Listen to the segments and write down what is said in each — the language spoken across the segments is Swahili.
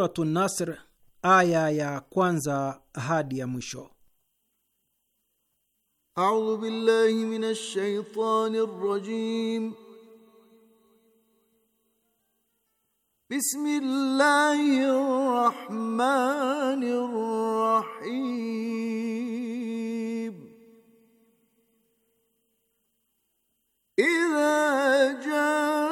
Suratu Nasr aya ya kwanza hadi ya mwisho. Audhu billahi minash shaitani rajim. Bismillahi rahmani rahim. Idha jaa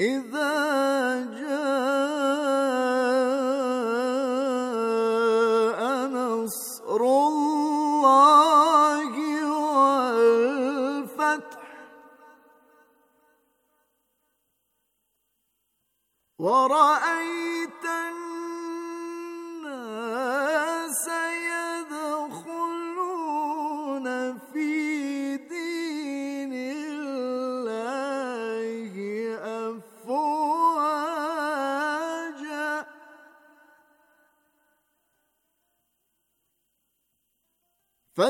إذا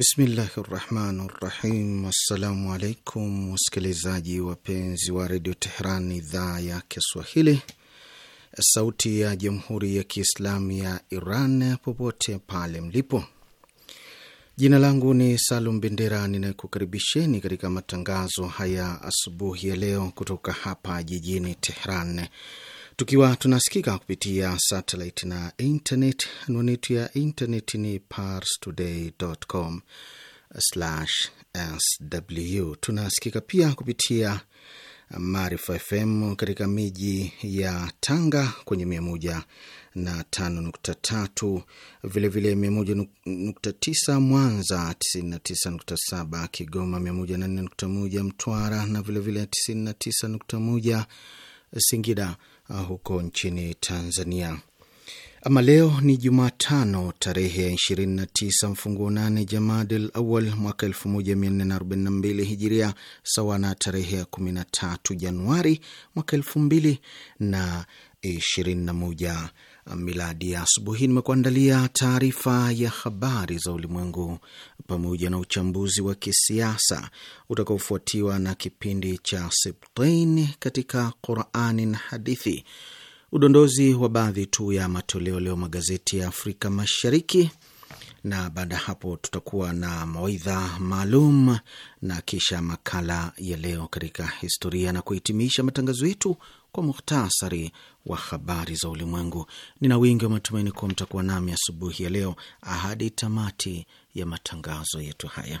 Bismillahi rahmani rahim. Assalamu alaikum wasikilizaji wapenzi wa redio Tehran, idhaa ya Kiswahili, sauti ya jamhuri ya kiislamu ya Iran, popote pale mlipo. Jina langu ni Salum Bendera, ninakukaribisheni katika matangazo haya asubuhi ya leo kutoka hapa jijini Tehran tukiwa tunasikika kupitia satellite na internet. Anwani yetu ya internet ni parstoday.com sw. Tunasikika pia kupitia Maarifa FM katika miji ya Tanga kwenye mia moja na tano nukta tatu vilevile mia moja nukta tisa Mwanza, tisini na tisa nukta saba Kigoma, mia moja na nne nukta moja Mtwara na vilevile tisini na tisa nukta moja Singida Uh, huko nchini Tanzania. Ama leo ni Jumatano tarehe ya 29 mfunguo nane Jamadil Awal mwaka 1442 Hijiria, sawa na tarehe ya 13 Januari mwaka 2021 miladi. Ya asubuhi nimekuandalia taarifa ya habari za ulimwengu, pamoja na uchambuzi wa kisiasa utakaofuatiwa na kipindi cha Sibtain katika Qurani na Hadithi, udondozi wa baadhi tu ya matoleo leo magazeti ya Afrika Mashariki, na baada ya hapo tutakuwa na mawaidha maalum na kisha makala ya leo katika historia na kuhitimisha matangazo yetu kwa muhtasari wa habari za ulimwengu. Nina wingi wa matumaini kuwa mtakuwa nami asubuhi ya leo ahadi tamati ya matangazo yetu haya.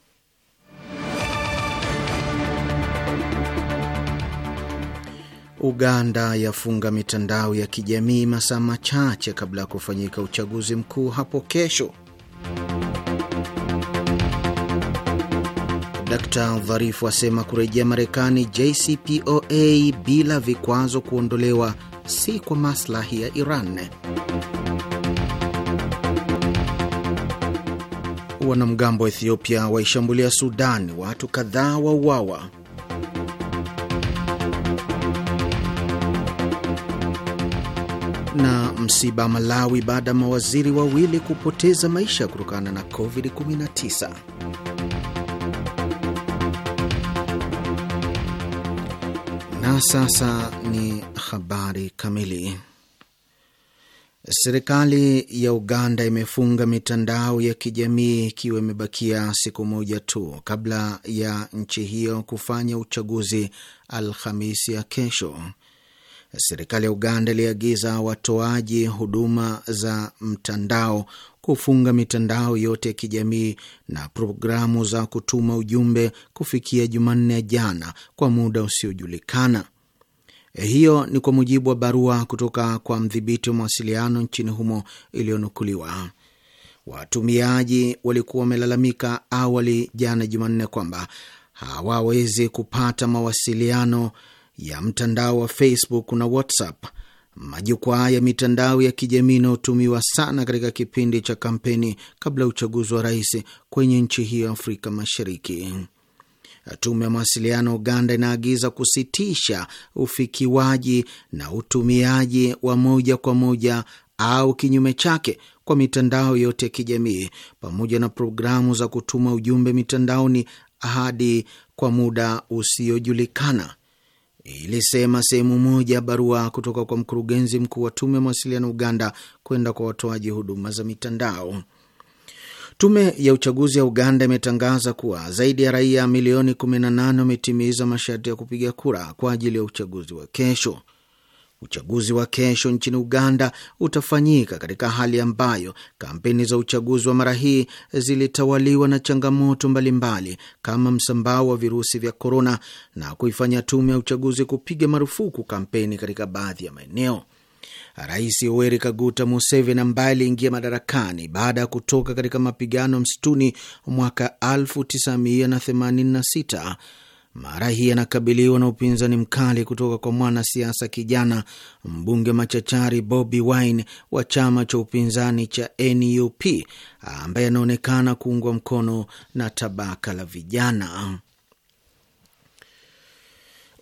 Uganda yafunga mitandao ya kijamii masaa machache kabla ya kufanyika uchaguzi mkuu hapo kesho. Dkt Dharifu asema kurejea Marekani JCPOA bila vikwazo kuondolewa si kwa maslahi ya Iran. Wanamgambo wa Ethiopia waishambulia Sudani, watu kadhaa wauawa. Na msiba Malawi baada ya mawaziri wawili kupoteza maisha kutokana na COVID-19. Na sasa ni habari kamili. Serikali ya Uganda imefunga mitandao ya kijamii ikiwa imebakia siku moja tu kabla ya nchi hiyo kufanya uchaguzi Alhamisi ya kesho serikali ya Uganda iliagiza watoaji huduma za mtandao kufunga mitandao yote ya kijamii na programu za kutuma ujumbe kufikia Jumanne ya jana kwa muda usiojulikana. Eh, hiyo ni kwa mujibu wa barua kutoka kwa mdhibiti wa mawasiliano nchini humo iliyonukuliwa. Watumiaji walikuwa wamelalamika awali jana Jumanne kwamba hawawezi kupata mawasiliano ya mtandao wa Facebook na WhatsApp, majukwaa ya mitandao ya kijamii inayotumiwa sana katika kipindi cha kampeni kabla ya uchaguzi wa rais kwenye nchi hiyo ya Afrika Mashariki. Tume ya mawasiliano Uganda inaagiza kusitisha ufikiwaji na utumiaji wa moja kwa moja au kinyume chake kwa mitandao yote ya kijamii pamoja na programu za kutuma ujumbe mitandaoni hadi kwa muda usiojulikana ilisema sehemu moja ya barua kutoka kwa mkurugenzi mkuu wa tume ya mawasiliano Uganda kwenda kwa watoaji huduma za mitandao. Tume ya uchaguzi ya Uganda imetangaza kuwa zaidi ya raia milioni 18 wametimiza masharti ya kupiga kura kwa ajili ya uchaguzi wa kesho. Uchaguzi wa kesho nchini Uganda utafanyika katika hali ambayo kampeni za uchaguzi wa mara hii zilitawaliwa na changamoto mbalimbali kama msambao wa virusi vya korona na kuifanya tume ya uchaguzi kupiga marufuku kampeni katika baadhi ya maeneo. Rais Yoweri Kaguta Museveni ambaye aliingia madarakani baada ya kutoka katika mapigano msituni mwaka 1986 mara hii anakabiliwa na upinzani mkali kutoka kwa mwanasiasa kijana mbunge machachari Bobi Wine wa chama cha upinzani cha NUP ambaye anaonekana kuungwa mkono na tabaka la vijana.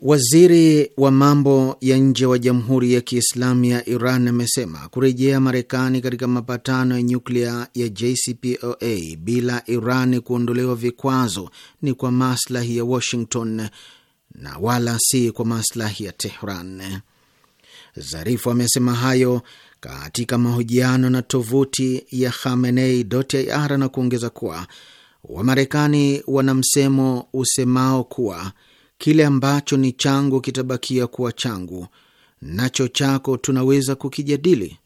Waziri wa mambo ya nje wa Jamhuri ya Kiislamu ya Iran amesema kurejea Marekani katika mapatano ya nyuklia ya JCPOA bila Iran kuondolewa vikwazo ni kwa maslahi ya Washington na wala si kwa maslahi ya Tehran. Zarifu amesema hayo katika mahojiano na tovuti ya Khamenei.ir na kuongeza kuwa Wamarekani wana msemo usemao kuwa Kile ambacho ni changu kitabakia kuwa changu, nacho chako tunaweza kukijadili.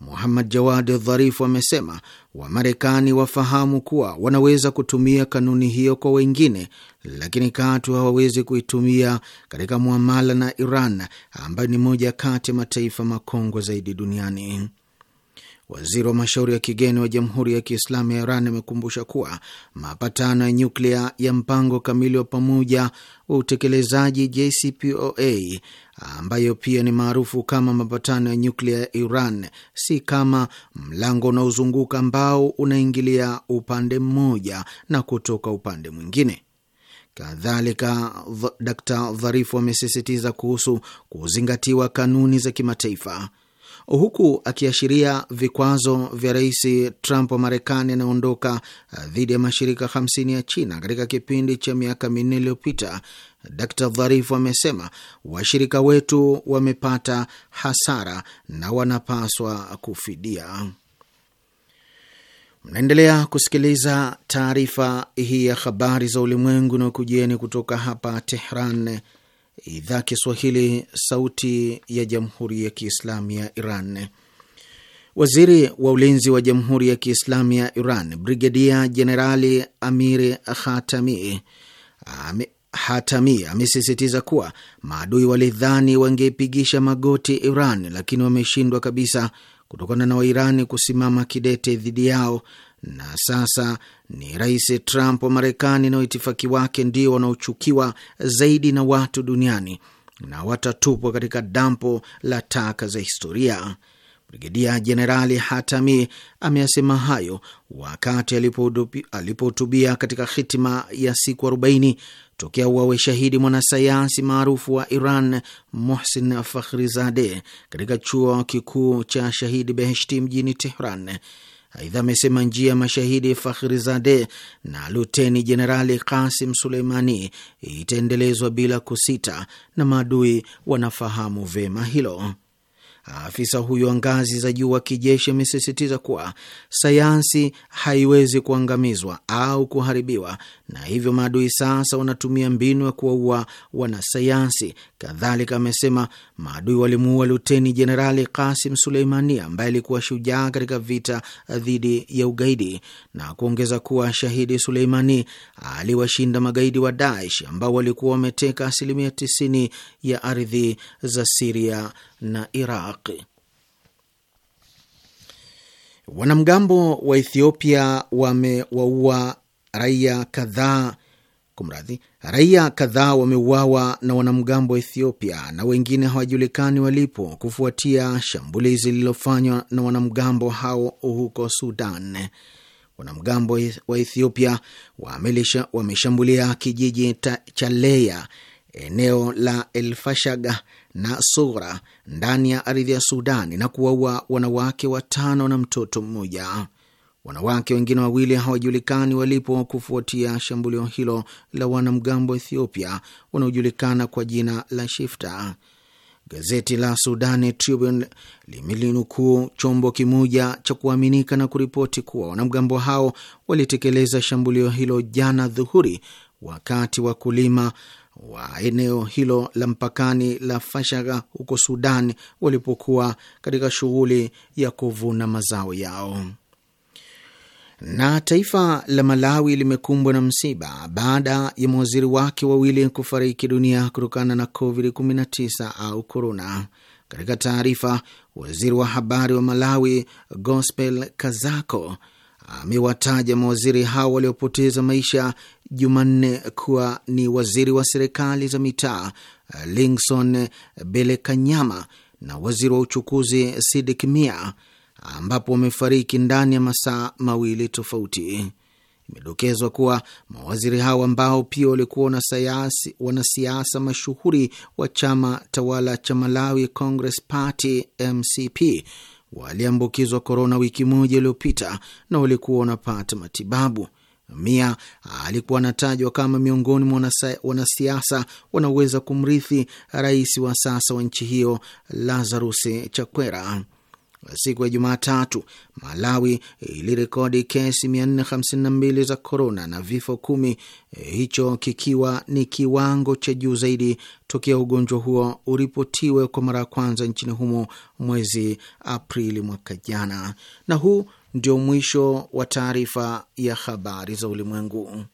Muhammad Jawad Dharifu amesema Wamarekani wafahamu kuwa wanaweza kutumia kanuni hiyo kwa wengine, lakini katu hawawezi kuitumia katika muamala na Iran ambayo ni moja kati ya mataifa makongwe zaidi duniani. Waziri wa mashauri ya kigeni wa Jamhuri ya Kiislamu ya Iran amekumbusha kuwa mapatano ya nyuklia ya mpango kamili wa pamoja wa utekelezaji JCPOA ambayo pia ni maarufu kama mapatano ya nyuklia ya Iran si kama mlango unaozunguka ambao unaingilia upande mmoja na kutoka upande mwingine. Kadhalika, d Dharifu amesisitiza kuhusu kuzingatiwa kanuni za kimataifa huku akiashiria vikwazo vya rais Trump wa Marekani anaondoka uh, dhidi ya mashirika 50 ya China katika kipindi cha miaka minne iliyopita. Dr Dharifu amesema washirika wetu wamepata hasara na wanapaswa kufidia. Mnaendelea kusikiliza taarifa hii ya habari za ulimwengu na kujieni kutoka hapa Tehran, idhaa Kiswahili, sauti ya jamhuri ya kiislamu ya Iran. Waziri wa ulinzi wa jamhuri ya kiislamu ya Iran, Brigedia Jenerali Amir Hatami Ami, Hatami amesisitiza kuwa maadui walidhani wangepigisha magoti Iran, lakini wameshindwa kabisa kutokana na Wairani kusimama kidete dhidi yao na sasa ni Rais Trump wa Marekani na waitifaki wake ndio wanaochukiwa zaidi na watu duniani na watatupwa katika dampo la taka za historia. Brigedia Jenerali Hatami ameyasema hayo wakati alipohutubia katika hitima ya siku 40 tokea uawe shahidi mwanasayansi maarufu wa Iran Mohsin Fakhrizadeh katika chuo kikuu cha Shahidi Beheshti mjini Tehran. Aidha amesema njia ya mashahidi Fakhrizade na luteni jenerali Kasim Suleimani itaendelezwa bila kusita, na maadui wanafahamu vyema hilo. Afisa huyo wa ngazi za juu wa kijeshi amesisitiza kuwa sayansi haiwezi kuangamizwa au kuharibiwa, na hivyo maadui sasa wanatumia mbinu ya kuwaua wanasayansi. Kadhalika amesema maadui walimuua Luteni Jenerali Kasim Suleimani ambaye alikuwa shujaa katika vita dhidi ya ugaidi, na kuongeza kuwa shahidi Suleimani aliwashinda magaidi wa Daesh ambao walikuwa wameteka asilimia 90 ya ardhi za Siria na Iraq. Wanamgambo wa Ethiopia wamewaua raia kadhaa Kumradhi, raia kadhaa wameuawa na wanamgambo wa Ethiopia na wengine hawajulikani walipo kufuatia shambulizi lililofanywa na wanamgambo hao huko Sudan. Wanamgambo wa Ethiopia wameshambulia kijiji cha Leya, eneo la Elfashaga na Sughra ndani ya ardhi ya Sudani na kuwaua wanawake watano na mtoto mmoja. Wanawake wengine wawili hawajulikani walipo kufuatia shambulio hilo la wanamgambo wa Ethiopia wanaojulikana kwa jina la Shifta. Gazeti la Sudani Tribune limelinukuu chombo kimoja cha kuaminika na kuripoti kuwa wanamgambo hao walitekeleza shambulio hilo jana dhuhuri, wakati wa kulima wa eneo hilo la mpakani la Fashaga huko Sudan walipokuwa katika shughuli ya kuvuna mazao yao. Na taifa la Malawi limekumbwa na msiba baada ya mawaziri wake wawili kufariki dunia kutokana na COVID-19 au korona. Katika taarifa, waziri wa habari wa Malawi Gospel Kazako amewataja mawaziri hao waliopoteza maisha Jumanne kuwa ni waziri wa serikali za mitaa eh, Lingson Belekanyama na waziri wa uchukuzi Sidik Mia, ambapo wamefariki ndani ya masaa mawili tofauti. Imedokezwa kuwa mawaziri hao ambao pia walikuwa wanasiasa mashuhuri wa chama tawala cha Malawi Congress Party MCP waliambukizwa korona wiki moja iliyopita na walikuwa wanapata matibabu. Mia alikuwa anatajwa kama miongoni mwa wanasiasa wanaoweza kumrithi rais wa sasa wa nchi hiyo Lazarus Chakwera. Siku ya Jumatatu, Malawi ilirekodi kesi 452 za korona na vifo kumi, hicho kikiwa ni kiwango cha juu zaidi tokea ugonjwa huo uripotiwe kwa mara ya kwanza nchini humo mwezi Aprili mwaka jana. Na huu ndio mwisho wa taarifa ya habari za ulimwengu.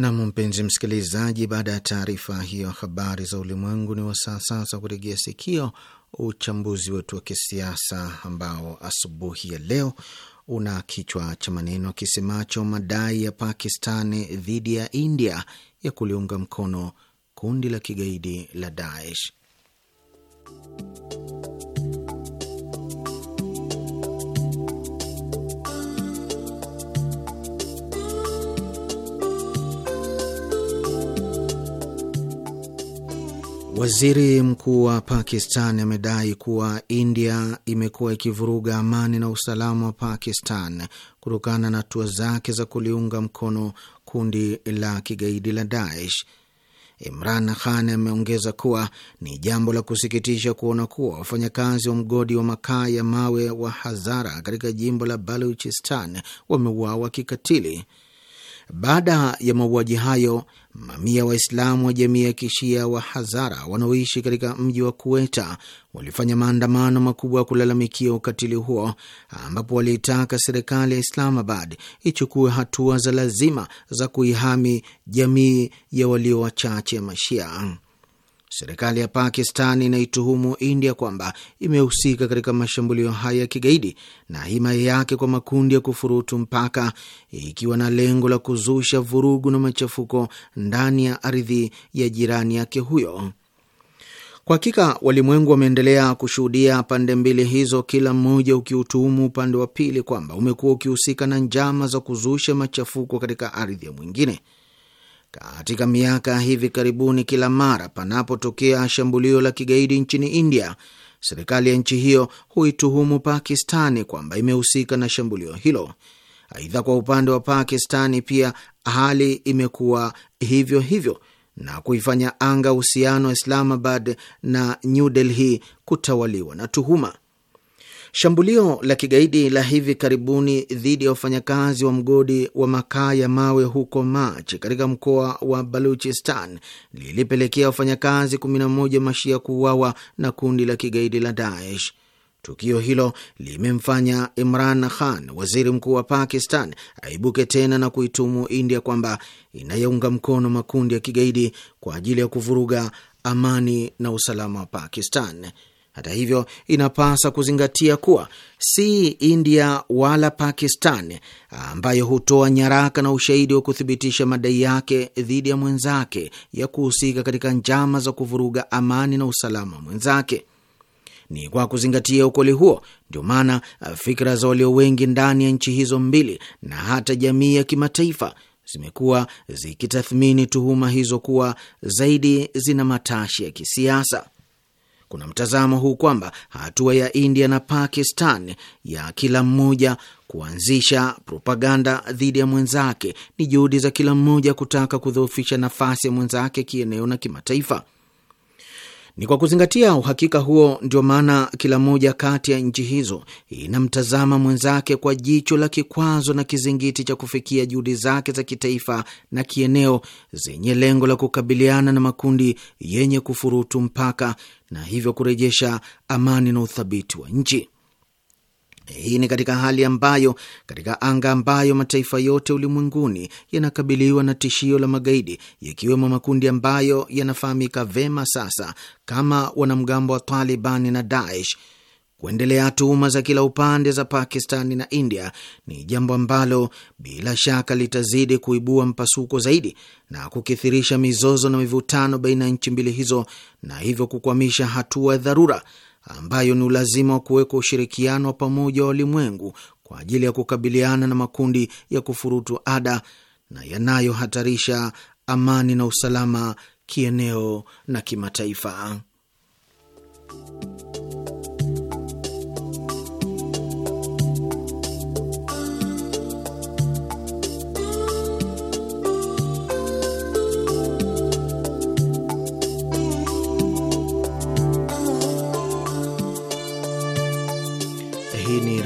Nam, mpenzi msikilizaji, baada ya taarifa hiyo habari za ulimwengu, ni wasaa sasa kuregea sikio uchambuzi wetu wa kisiasa ambao asubuhi ya leo una kichwa cha maneno kisemacho madai ya Pakistani dhidi ya India ya kuliunga mkono kundi la kigaidi la Daesh. Waziri mkuu wa Pakistan amedai kuwa India imekuwa ikivuruga amani na usalama wa Pakistan kutokana na hatua zake za kuliunga mkono kundi la kigaidi la Daesh. Imran Khan ameongeza kuwa ni jambo la kusikitisha kuona kuwa wafanyakazi wa mgodi wa makaa ya mawe wa Hazara katika jimbo la Baluchistan wameuawa kikatili. Baada ya mauaji hayo, mamia Waislamu wa jamii ya kishia wa Hazara wanaoishi katika mji wa Kuweta walifanya maandamano makubwa ya kulalamikia ukatili huo, ambapo waliitaka serikali ya Islamabad ichukue hatua za lazima za kuihami jamii ya walio wachache Mashia. Serikali ya Pakistan inaituhumu India kwamba imehusika katika mashambulio haya ya kigaidi na himaya yake kwa makundi ya kufurutu mpaka, ikiwa na lengo la kuzusha vurugu na machafuko ndani ya ardhi ya jirani yake huyo. Kwa hakika walimwengu wameendelea kushuhudia pande mbili hizo, kila mmoja ukiutuhumu upande wa pili kwamba umekuwa ukihusika na njama za kuzusha machafuko katika ardhi ya mwingine. Katika miaka hivi karibuni, kila mara panapotokea shambulio la kigaidi nchini India, serikali ya nchi hiyo huituhumu Pakistani kwamba imehusika na shambulio hilo. Aidha, kwa upande wa Pakistani pia hali imekuwa hivyo hivyo na kuifanya anga uhusiano wa Islamabad na New Delhi kutawaliwa na tuhuma. Shambulio la kigaidi la hivi karibuni dhidi ya wafanyakazi wa mgodi wa makaa ya mawe huko Machi katika mkoa wa Baluchistan lilipelekea wafanyakazi 11 mashia kuuawa na kundi la kigaidi la Daesh. Tukio hilo limemfanya Imran Khan, waziri mkuu wa Pakistan, aibuke tena na kuitumu India kwamba inayounga mkono makundi ya kigaidi kwa ajili ya kuvuruga amani na usalama wa Pakistan. Hata hivyo, inapasa kuzingatia kuwa si India wala Pakistan ambayo hutoa nyaraka na ushahidi wa kuthibitisha madai yake dhidi ya mwenzake ya kuhusika katika njama za kuvuruga amani na usalama mwenzake. Ni kwa kuzingatia ukweli huo ndio maana fikra za walio wengi ndani ya nchi hizo mbili na hata jamii ya kimataifa zimekuwa zikitathmini tuhuma hizo kuwa zaidi zina matashi ya kisiasa kuna mtazamo huu kwamba hatua ya India na Pakistan ya kila mmoja kuanzisha propaganda dhidi ya mwenzake ni juhudi za kila mmoja kutaka kudhoofisha nafasi ya mwenzake kieneo na kimataifa. Ni kwa kuzingatia uhakika huo ndio maana kila moja kati ya nchi hizo inamtazama mwenzake kwa jicho la kikwazo na kizingiti cha kufikia juhudi zake za kitaifa na kieneo zenye lengo la kukabiliana na makundi yenye kufurutu mpaka na hivyo kurejesha amani na uthabiti wa nchi. Hii ni katika hali ambayo katika anga ambayo mataifa yote ulimwenguni yanakabiliwa na tishio la magaidi, yakiwemo makundi ambayo yanafahamika vema sasa kama wanamgambo wa Taliban na Daesh. Kuendelea tuhuma za kila upande za Pakistani na India ni jambo ambalo bila shaka litazidi kuibua mpasuko zaidi na kukithirisha mizozo na mivutano baina ya nchi mbili hizo, na hivyo kukwamisha hatua ya dharura ambayo ni ulazima wa kuwekwa ushirikiano wa pamoja wa walimwengu kwa ajili ya kukabiliana na makundi ya kufurutu ada na yanayohatarisha amani na usalama kieneo na kimataifa.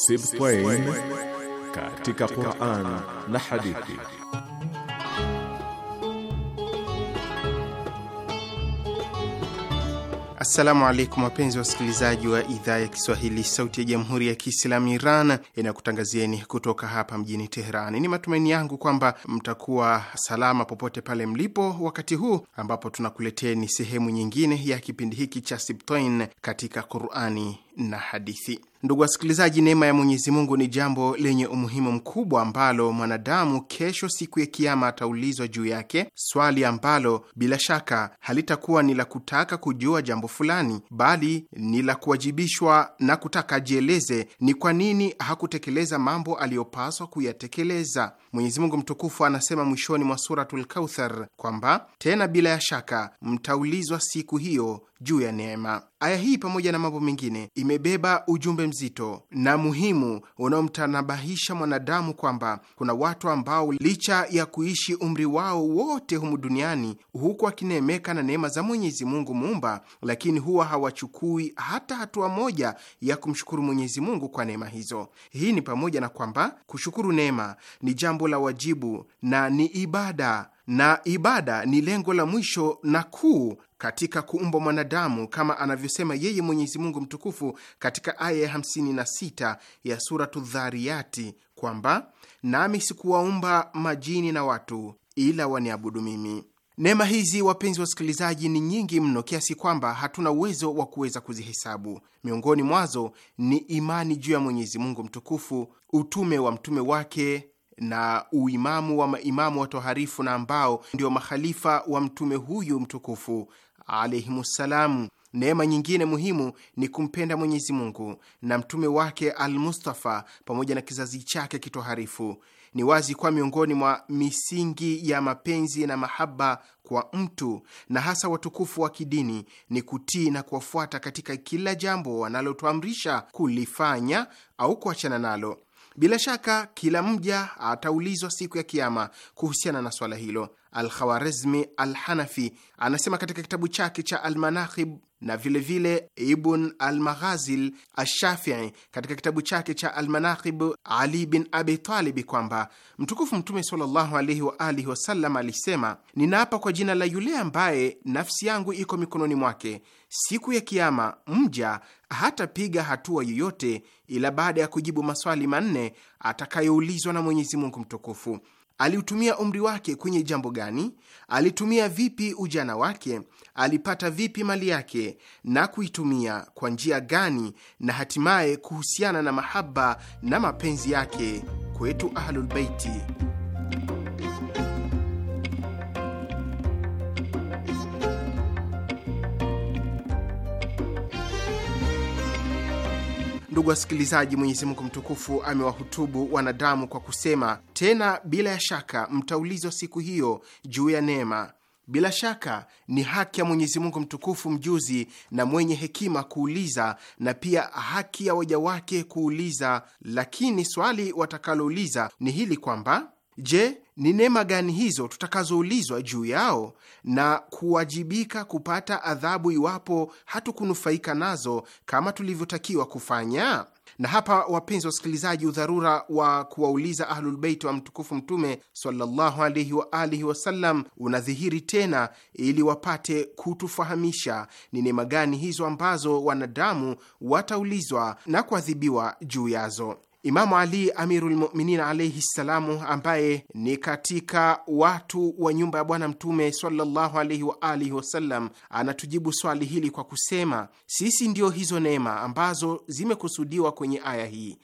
Sibtain katika Qur'an na hadithi. Assalamu alaikum wapenzi wa wasikilizaji wa idhaa ya Kiswahili sauti ya jamhuri ya Kiislamu Iran inayokutangazieni kutoka hapa mjini Teherani. Ni matumaini yangu kwamba mtakuwa salama popote pale mlipo, wakati huu ambapo tunakuleteni sehemu nyingine ya kipindi hiki cha Sibtain katika Qurani na hadithi. Ndugu wasikilizaji, neema ya Mwenyezi Mungu ni jambo lenye umuhimu mkubwa ambalo mwanadamu kesho, siku ya Kiama, ataulizwa juu yake, swali ambalo bila shaka halitakuwa ni la kutaka kujua jambo fulani, bali ni la kuwajibishwa na kutaka ajieleze ni kwa nini hakutekeleza mambo aliyopaswa kuyatekeleza. Mwenyezi Mungu mtukufu anasema mwishoni mwa Suratul Kauthar kwamba tena bila ya shaka mtaulizwa siku hiyo juu ya neema Aya hii pamoja na mambo mengine imebeba ujumbe mzito na muhimu unaomtanabahisha mwanadamu kwamba kuna watu ambao licha ya kuishi umri wao wote humu duniani huku akineemeka na neema za Mwenyezi Mungu Muumba, lakini huwa hawachukui hata hatua moja ya kumshukuru Mwenyezi Mungu kwa neema hizo. Hii ni pamoja na kwamba kushukuru neema ni jambo la wajibu na ni ibada na ibada ni lengo la mwisho na kuu katika kuumba mwanadamu kama anavyosema yeye Mwenyezi Mungu mtukufu katika aya ya 56 ya Suratu Dhariyati kwamba nami sikuwaumba majini na watu ila waniabudu mimi. Neema hizi wapenzi wasikilizaji, ni nyingi mno kiasi kwamba hatuna uwezo wa kuweza kuzihesabu. Miongoni mwazo ni imani juu ya Mwenyezi Mungu mtukufu, utume wa mtume wake na uimamu wa maimamu watoharifu na ambao ndio mahalifa wa mtume huyu mtukufu alaihimussalamu. Neema nyingine muhimu ni kumpenda Mwenyezi Mungu na mtume wake Mustafa pamoja na kizazi chake kitoharifu. Ni wazi kuwa miongoni mwa misingi ya mapenzi na mahaba kwa mtu na hasa watukufu wa kidini ni kutii na kuwafuata katika kila jambo wanalotuamrisha kulifanya au kuachana nalo. Bila shaka kila mja ataulizwa siku ya Kiama kuhusiana na swala hilo. Alkhawarizmi alhanafi Al-Hanafi anasema katika kitabu chake cha almanakib na vilevile vile Ibn Al-Maghazil katika kitabu chake cha almanakib Ali bin Abi Talibi kwamba mtukufu Mtume sallallahu alaihi wa alihi wasallam alisema, ninaapa kwa jina la yule ambaye nafsi yangu iko mikononi mwake, siku ya Kiama mja hatapiga hatua yoyote ila baada ya kujibu maswali manne atakayoulizwa na Mwenyezi Mungu mtukufu Aliutumia umri wake kwenye jambo gani? Alitumia vipi ujana wake? Alipata vipi mali yake na kuitumia kwa njia gani? Na hatimaye kuhusiana na mahaba na mapenzi yake kwetu Ahlulbeiti. Ndugu wasikilizaji, Mwenyezi Mungu mtukufu amewahutubu wanadamu kwa kusema, tena bila ya shaka mtaulizwa siku hiyo juu ya neema. Bila shaka ni haki ya Mwenyezi Mungu mtukufu mjuzi na mwenye hekima kuuliza na pia haki ya waja wake kuuliza, lakini swali watakalouliza ni hili kwamba Je, ni neema gani hizo tutakazoulizwa juu yao na kuwajibika kupata adhabu iwapo hatukunufaika nazo kama tulivyotakiwa kufanya? Na hapa, wapenzi wa wasikilizaji, udharura wa kuwauliza Ahlulbeiti wa mtukufu Mtume sallallahu alaihi wa alihi wasallam unadhihiri tena, ili wapate kutufahamisha ni neema gani hizo ambazo wanadamu wataulizwa na kuadhibiwa juu yazo. Imamu Ali amirulmuminin alaihi ssalamu, ambaye ni katika watu wa nyumba ya Bwana Mtume sallallahu alaihi wa alihi wasallam, anatujibu swali hili kwa kusema, sisi ndio hizo neema ambazo zimekusudiwa kwenye aya hii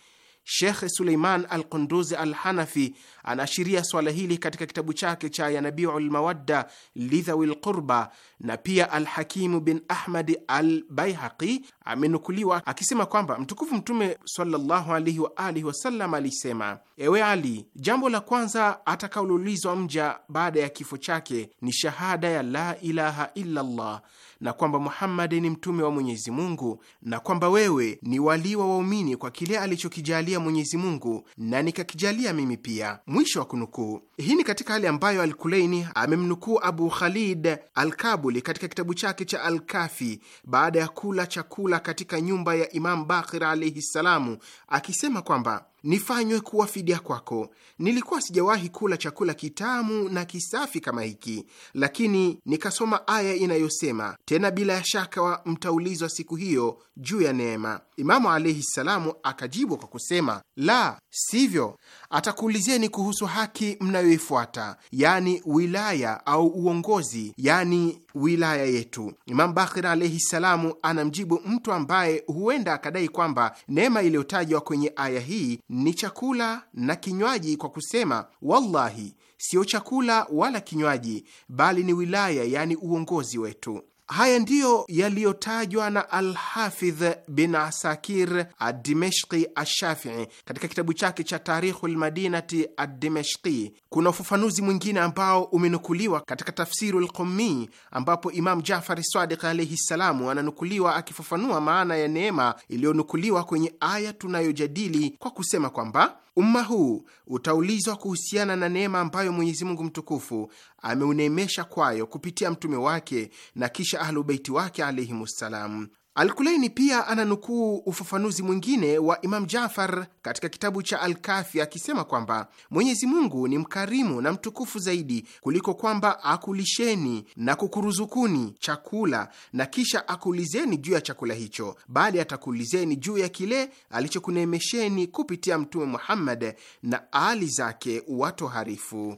Shekh Suleiman al Qunduzi al Hanafi anaashiria swala hili katika kitabu chake cha Yanabiu lmawadda lidhawi lqurba, na pia Alhakimu bin Ahmadi al Baihaqi amenukuliwa akisema kwamba mtukufu Mtume sallallahu wa alihi wasallam alisema: ewe Ali, jambo la kwanza atakaululizwa mja baada ya kifo chake ni shahada ya la ilaha illallah na kwamba Muhammad ni mtume wa Mwenyezi Mungu na kwamba wewe ni wali wa waumini kwa kile alichokijalia Mwenyezi Mungu na nikakijalia mimi pia. Mwisho wa kunukuu. Hii ni katika hali ambayo Alkuleini amemnukuu Abu Khalid Alkabuli katika kitabu chake cha Alkafi baada ya kula chakula katika nyumba ya Imamu Bakir alaihi ssalamu akisema kwamba nifanywe kuwa fidia kwako. Nilikuwa sijawahi kula chakula kitamu na kisafi kama hiki, lakini nikasoma aya inayosema, tena bila ya shaka mtaulizwa siku hiyo juu ya neema. Imamu alaihi salamu akajibu kwa kusema, la sivyo atakuulizeni kuhusu haki mnayoifuata, yani wilaya au uongozi, yani wilaya yetu. imamu Bakir alaihi salamu anamjibu mtu ambaye huenda akadai kwamba neema iliyotajwa kwenye aya hii ni chakula na kinywaji kwa kusema, wallahi, siyo chakula wala kinywaji, bali ni wilaya, yani uongozi wetu. Haya ndiyo yaliyotajwa na Alhafidh bin Asakir Adimeshki Ashafii katika kitabu chake cha Tarikhu lmadinati Adimeshki. Kuna ufafanuzi mwingine ambao umenukuliwa katika Tafsiru lqumii ambapo imamu Jafari Sadiq alaihi ssalamu ananukuliwa akifafanua maana ya neema iliyonukuliwa kwenye aya tunayojadili kwa kusema kwamba Umma huu utaulizwa kuhusiana na neema ambayo Mwenyezi Mungu mtukufu ameuneemesha kwayo kupitia mtume wake na kisha ahlubeiti wake alaihimussalam. Alkulaini pia ananukuu ufafanuzi mwingine wa Imam Jafar katika kitabu cha Alkafi akisema kwamba Mwenyezi Mungu ni mkarimu na mtukufu zaidi kuliko kwamba akulisheni na kukuruzukuni chakula na kisha akuulizeni juu ya chakula hicho, bali atakuulizeni juu ya kile alichokuneemesheni kupitia Mtume Muhammad na ali zake watoharifu.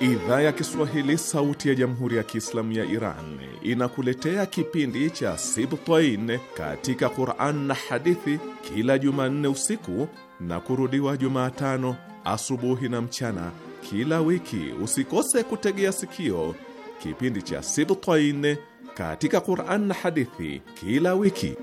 Idhaa ya Kiswahili sauti ya Jamhuri ya Kiislamu ya Iran inakuletea kipindi cha Sibtain katika Quran na hadithi kila Jumanne usiku na kurudiwa Jumatano asubuhi na mchana kila wiki. Usikose kutegea sikio kipindi cha Sibtain katika Quran na hadithi kila wiki.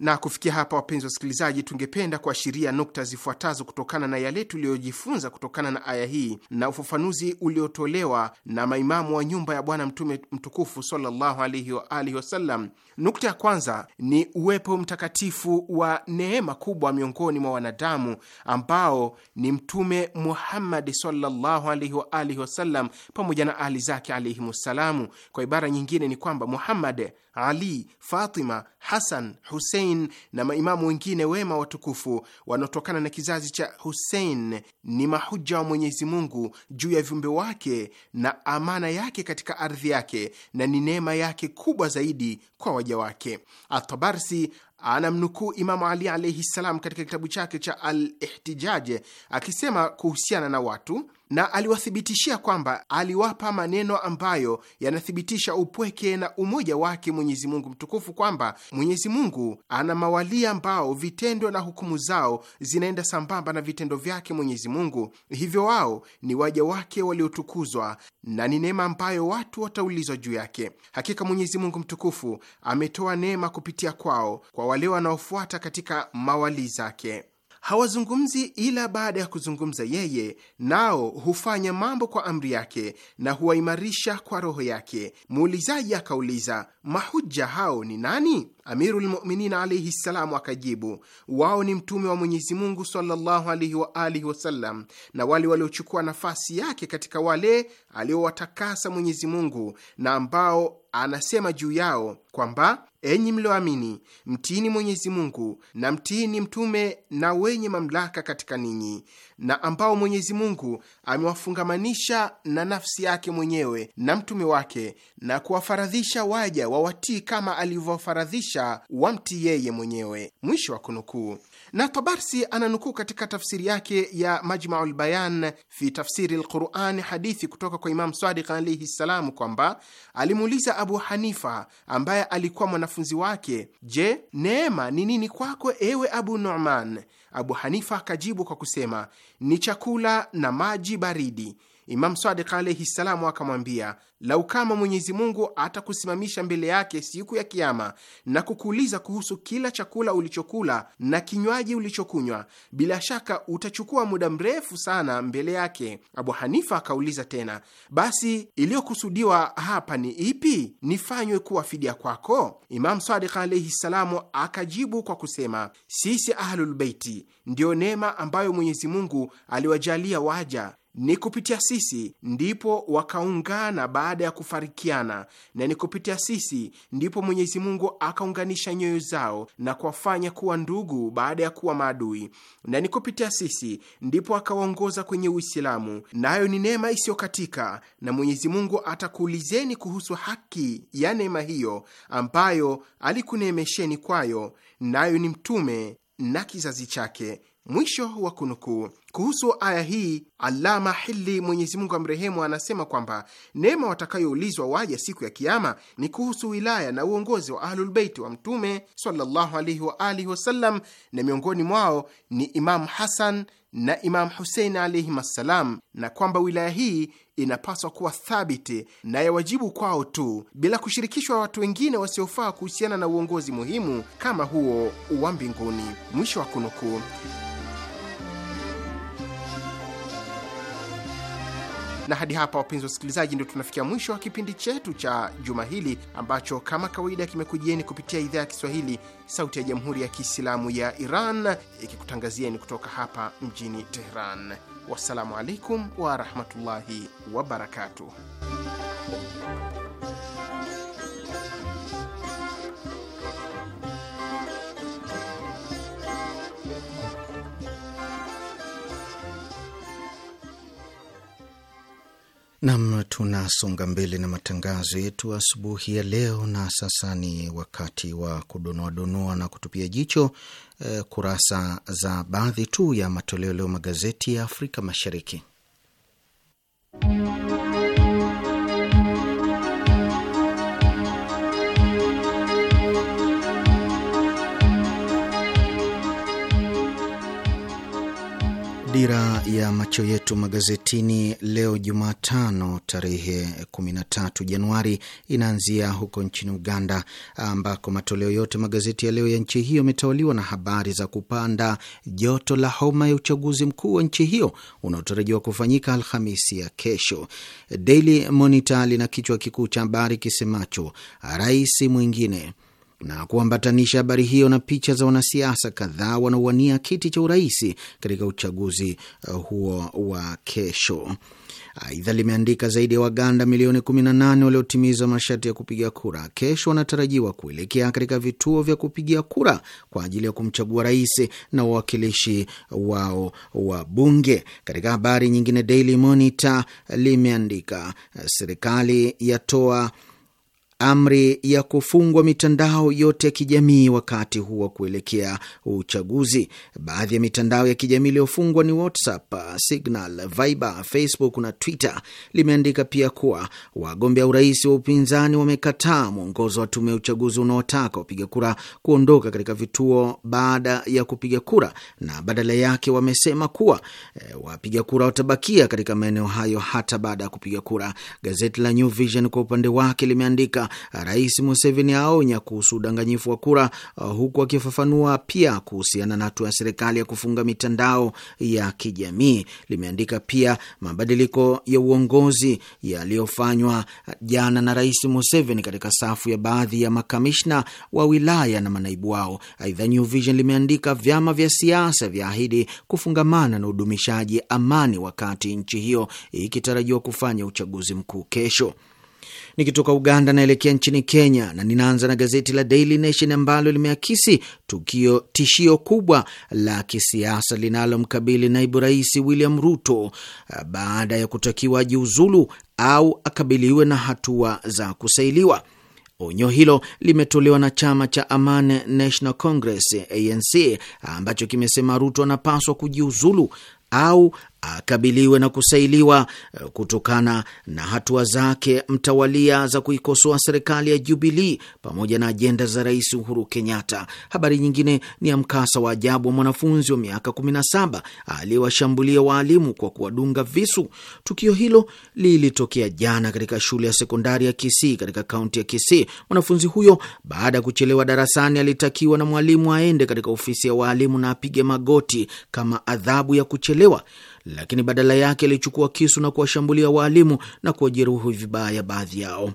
Na kufikia hapa, wapenzi wa wasikilizaji, tungependa kuashiria nukta zifuatazo kutokana na yale tuliyojifunza kutokana na aya hii na ufafanuzi uliotolewa na maimamu wa nyumba ya Bwana Mtume mtukufu sallallahu alaihi wa alihi wasallam. Nukta ya kwanza ni uwepo mtakatifu wa neema kubwa miongoni mwa wanadamu ambao ni Mtume Muhammadi sallallahu alaihi wa alihi wasallam pamoja na ahli zake alaihimssalamu. Kwa ibara nyingine ni kwamba Muhammad ali, Fatima, Hasan, Husein na maimamu wengine wema watukufu wanaotokana na kizazi cha Husein ni mahuja wa Mwenyezi Mungu juu ya viumbe wake na amana yake katika ardhi yake na ni neema yake kubwa zaidi kwa waja wake. Atabarsi anamnukuu Imamu Ali alaihi ssalam katika kitabu chake cha Al-Ihtijaj akisema kuhusiana na watu na aliwathibitishia kwamba aliwapa maneno ambayo yanathibitisha upweke na umoja wake Mwenyezi Mungu mtukufu, kwamba Mwenyezi Mungu ana mawalia ambao vitendo na hukumu zao zinaenda sambamba na vitendo vyake Mwenyezi Mungu. Hivyo wao ni waja wake waliotukuzwa na ni neema ambayo watu wataulizwa juu yake. Hakika Mwenyezi Mungu mtukufu ametoa neema kupitia kwao kwa wale wanaofuata katika mawali zake hawazungumzi ila baada ya kuzungumza yeye, nao hufanya mambo kwa amri yake na huwaimarisha kwa roho yake. Muulizaji akauliza, mahuja hao ni nani? Amirulmuminin alaihi ssalamu akajibu, wao ni mtume wa Mwenyezi Mungu sallallahu alaihi wa alihi wasallam na wale waliochukua nafasi yake katika wale aliowatakasa Mwenyezi Mungu na ambao anasema juu yao kwamba enyi mlioamini, mtiini Mwenyezi Mungu na mtiini mtume na wenye mamlaka katika ninyi, na ambao Mwenyezi Mungu amewafungamanisha na nafsi yake mwenyewe na mtume wake, na kuwafaradhisha waja wawatii kama alivyowafaradhisha wamtii yeye mwenyewe. Mwisho wa kunukuu na Tabarsi ananukuu katika tafsiri yake ya Majmau lbayan fi tafsiri lQurani hadithi kutoka kwa Imamu Sadiq alaihi ssalam kwamba alimuuliza Abu Hanifa ambaye alikuwa mwanafunzi wake, je, neema ni nini kwako ewe Abu Numan? Abu Hanifa akajibu kwa kusema ni chakula na maji baridi Imamu Sadiq alaihi ssalamu akamwambia, lau kama Mwenyezi Mungu atakusimamisha mbele yake siku ya Kiama na kukuuliza kuhusu kila chakula ulichokula na kinywaji ulichokunywa, bila shaka utachukua muda mrefu sana mbele yake. Abu Hanifa akauliza tena, basi iliyokusudiwa hapa ni ipi? Nifanywe kuwa fidia kwako? Imamu Sadiq alaihi ssalamu akajibu kwa kusema, sisi Ahlulbeiti ndiyo neema ambayo Mwenyezi Mungu aliwajalia waja ni kupitia sisi ndipo wakaungana baada ya kufarikiana, na ni kupitia sisi ndipo Mwenyezi Mungu akaunganisha nyoyo zao na kuwafanya kuwa ndugu baada ya kuwa maadui, na ni kupitia sisi ndipo akawaongoza kwenye Uislamu, nayo ni neema isiyokatika. Na Mwenyezi Mungu atakuulizeni kuhusu haki ya neema hiyo ambayo alikuneemesheni kwayo, nayo ni Mtume na kizazi chake. Mwisho wa kunukuu. Kuhusu aya hii alama Hili, Mwenyezi Mungu amrehemu, anasema kwamba neema watakayoulizwa waja siku ya Kiama ni kuhusu wilaya na uongozi wa Ahlulbeiti wa Mtume sallallahu alaihi wa alihi wasallam, na miongoni mwao ni Imamu Hasan na Imamu Husein alaihim assalam, na kwamba wilaya hii inapaswa kuwa thabiti na ya wajibu kwao tu bila kushirikishwa watu wengine wasiofaa kuhusiana na uongozi muhimu kama huo wa mbinguni. Mwisho wa kunukuu. Na hadi hapa, wapenzi wa wasikilizaji, ndio tunafikia mwisho wa kipindi chetu cha juma hili ambacho kama kawaida kimekujieni kupitia idhaa ya Kiswahili, Sauti ya Jamhuri ya Kiislamu ya Iran ikikutangazieni kutoka hapa mjini Teheran. Wassalamu alaikum warahmatullahi wabarakatuh. Nam, tunasonga mbele na matangazo yetu asubuhi ya leo, na sasa ni wakati wa kudonoadonoa na kutupia jicho eh, kurasa za baadhi tu ya matoleo leo magazeti ya Afrika Mashariki Dira ya macho yetu magazetini leo Jumatano tarehe 13 Januari inaanzia huko nchini Uganda, ambako matoleo yote magazeti ya leo ya nchi hiyo yametawaliwa na habari za kupanda joto la homa ya uchaguzi mkuu wa nchi hiyo unaotarajiwa kufanyika Alhamisi ya kesho. Daily Monitor lina kichwa kikuu cha habari kisemacho rais mwingine na kuambatanisha habari hiyo na picha za wanasiasa kadhaa wanaowania kiti cha urais katika uchaguzi uh, huo wa kesho. Aidha, limeandika zaidi ya Waganda milioni 18 waliotimiza masharti ya kupiga kura kesho wanatarajiwa kuelekea katika vituo vya kupigia kura kwa ajili ya kumchagua rais na wawakilishi wao wa bunge. Katika habari nyingine, Daily Monitor limeandika uh, serikali yatoa amri ya kufungwa mitandao yote ya kijamii wakati huu wa kuelekea uchaguzi. Baadhi ya mitandao ya kijamii iliyofungwa ni WhatsApp, Signal, Viber, Facebook na Twitter. Limeandika pia kuwa wagombea urais wa upinzani wamekataa mwongozo wa tume ya uchaguzi unaotaka wapiga kura kuondoka katika vituo baada ya kupiga kura, na badala yake wamesema kuwa e, wapiga kura watabakia katika maeneo hayo hata baada ya kupiga kura. Gazeti la New Vision kwa upande wake limeandika Rais Museveni aonya kuhusu udanganyifu wa kura, uh, huku akifafanua pia kuhusiana na hatua ya serikali ya kufunga mitandao ya kijamii. Limeandika pia mabadiliko ya uongozi yaliyofanywa jana na Rais Museveni katika safu ya baadhi ya makamishna wa wilaya na manaibu wao. Aidha, New Vision limeandika vyama vya siasa vyaahidi kufungamana na udumishaji amani wakati nchi hiyo ikitarajiwa kufanya uchaguzi mkuu kesho. Nikitoka Uganda naelekea nchini Kenya, na ninaanza na gazeti la Daily Nation ambalo limeakisi tukio tishio kubwa la kisiasa linalomkabili naibu rais William Ruto eh, baada ya kutakiwa ajiuzulu au akabiliwe na hatua za kusailiwa. Onyo hilo limetolewa na chama cha Aman National Congress ANC ambacho kimesema Ruto anapaswa kujiuzulu au akabiliwe na kusailiwa eh, kutokana na hatua zake mtawalia za kuikosoa serikali ya Jubilii pamoja na ajenda za Rais Uhuru Kenyatta. Habari nyingine ni ya mkasa wa ajabu wa mwanafunzi wa miaka 17 aliyewashambulia waalimu kwa kuwadunga visu. Tukio hilo lilitokea jana katika shule ya sekondari ya Kisii katika kaunti ya Kisii. Mwanafunzi huyo baada ya kuchelewa darasani, alitakiwa na mwalimu aende katika ofisi ya waalimu na apige magoti kama adhabu ya kuchelewa lakini badala yake alichukua kisu na kuwashambulia waalimu na kuwajeruhi vibaya baadhi yao.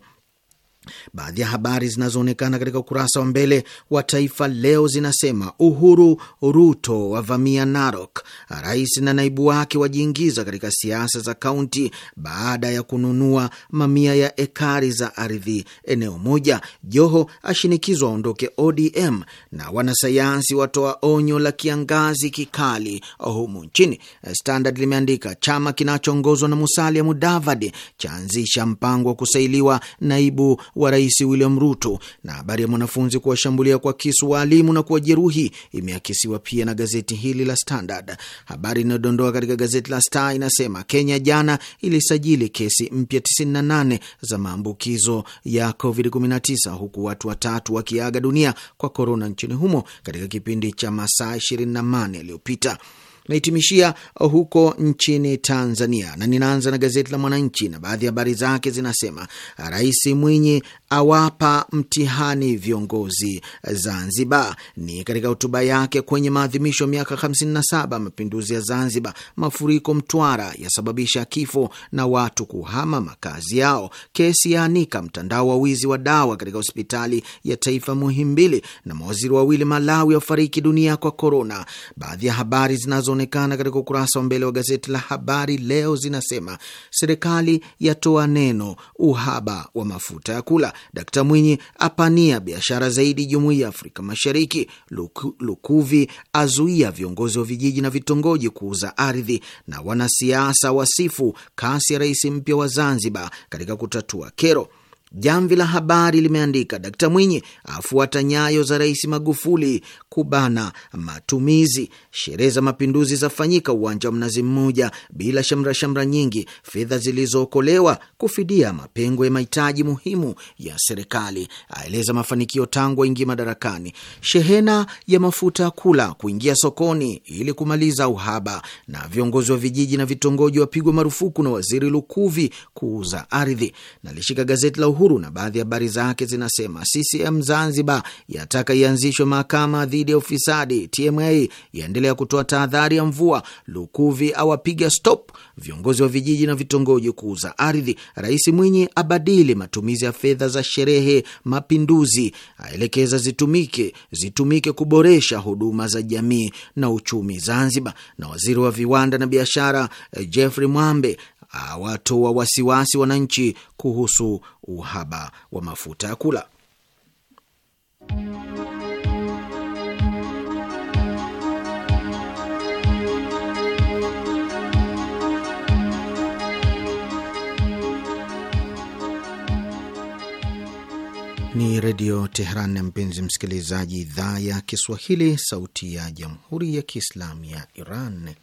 Baadhi ya habari zinazoonekana katika ukurasa wa mbele wa Taifa Leo zinasema Uhuru Ruto wavamia Narok, rais na naibu wake wajiingiza katika siasa za kaunti baada ya kununua mamia ya ekari za ardhi eneo moja. Joho ashinikizwa aondoke ODM, na wanasayansi watoa onyo la kiangazi kikali humu nchini. Standard limeandika chama kinachoongozwa na Musalia Mudavadi chaanzisha mpango wa kusailiwa naibu wa Rais William Ruto na habari ya mwanafunzi kuwashambulia kwa kisu waalimu na kuwajeruhi imeakisiwa pia na gazeti hili la Standard. Habari inayodondoa katika gazeti la Star inasema Kenya jana ilisajili kesi mpya 98 za maambukizo ya COVID-19 huku watu watatu wakiaga dunia kwa korona nchini humo katika kipindi cha masaa 24 yaliyopita. Nahitimishia huko nchini Tanzania na ninaanza na gazeti la Mwananchi na baadhi ya habari zake zinasema: Rais Mwinyi awapa mtihani viongozi Zanzibar. Ni katika hotuba yake kwenye maadhimisho ya miaka 57 mapinduzi ya Zanzibar, mafuriko Mtwara yasababisha kifo na watu kuhama makazi yao, kesi yaanika mtandao wa wizi wa dawa katika hospitali ya taifa Muhimbili, na mawaziri wawili Malawi wafariki dunia kwa korona. Baadhi ya habari zinazoonekana katika ukurasa wa mbele wa gazeti la Habari Leo zinasema serikali yatoa neno uhaba wa mafuta ya kula Dkt Mwinyi apania biashara zaidi jumuiya ya Afrika Mashariki. Luku, Lukuvi azuia viongozi wa vijiji na vitongoji kuuza ardhi, na wanasiasa wasifu kasi ya rais mpya wa Zanzibar katika kutatua kero. Jamvi la Habari limeandika Dkt Mwinyi afuata nyayo za Rais Magufuli kubana matumizi. Sherehe za mapinduzi zafanyika uwanja wa Mnazi Mmoja bila shamra shamra nyingi, fedha zilizookolewa kufidia mapengo ya mahitaji muhimu ya serikali. Aeleza mafanikio tangu aingie madarakani. Shehena ya mafuta ya kula kuingia sokoni ili kumaliza uhaba, na viongozi wa vijiji na vitongoji wapigwa marufuku na Waziri Lukuvi kuuza ardhi. Nalishika gazeti la Uhuru na baadhi ya habari zake zinasema: CCM Zanzibar yataka ianzishwe mahakama dhidi ya ufisadi, TMA yaendelea kutoa tahadhari ya mvua, Lukuvi awapiga stop viongozi wa vijiji na vitongoji kuuza ardhi, Rais Mwinyi abadili matumizi ya fedha za sherehe mapinduzi, aelekeza zitumike zitumike kuboresha huduma za jamii na uchumi Zanzibar, na waziri wa viwanda na biashara eh, Jeffrey Mwambe awatoa wasiwasi wananchi kuhusu uhaba wa mafuta ya kula. Ni Redio Tehran, mpenzi msikilizaji, idhaa ya Kiswahili, sauti ya Jamhuri ya Kiislamu ya Iran.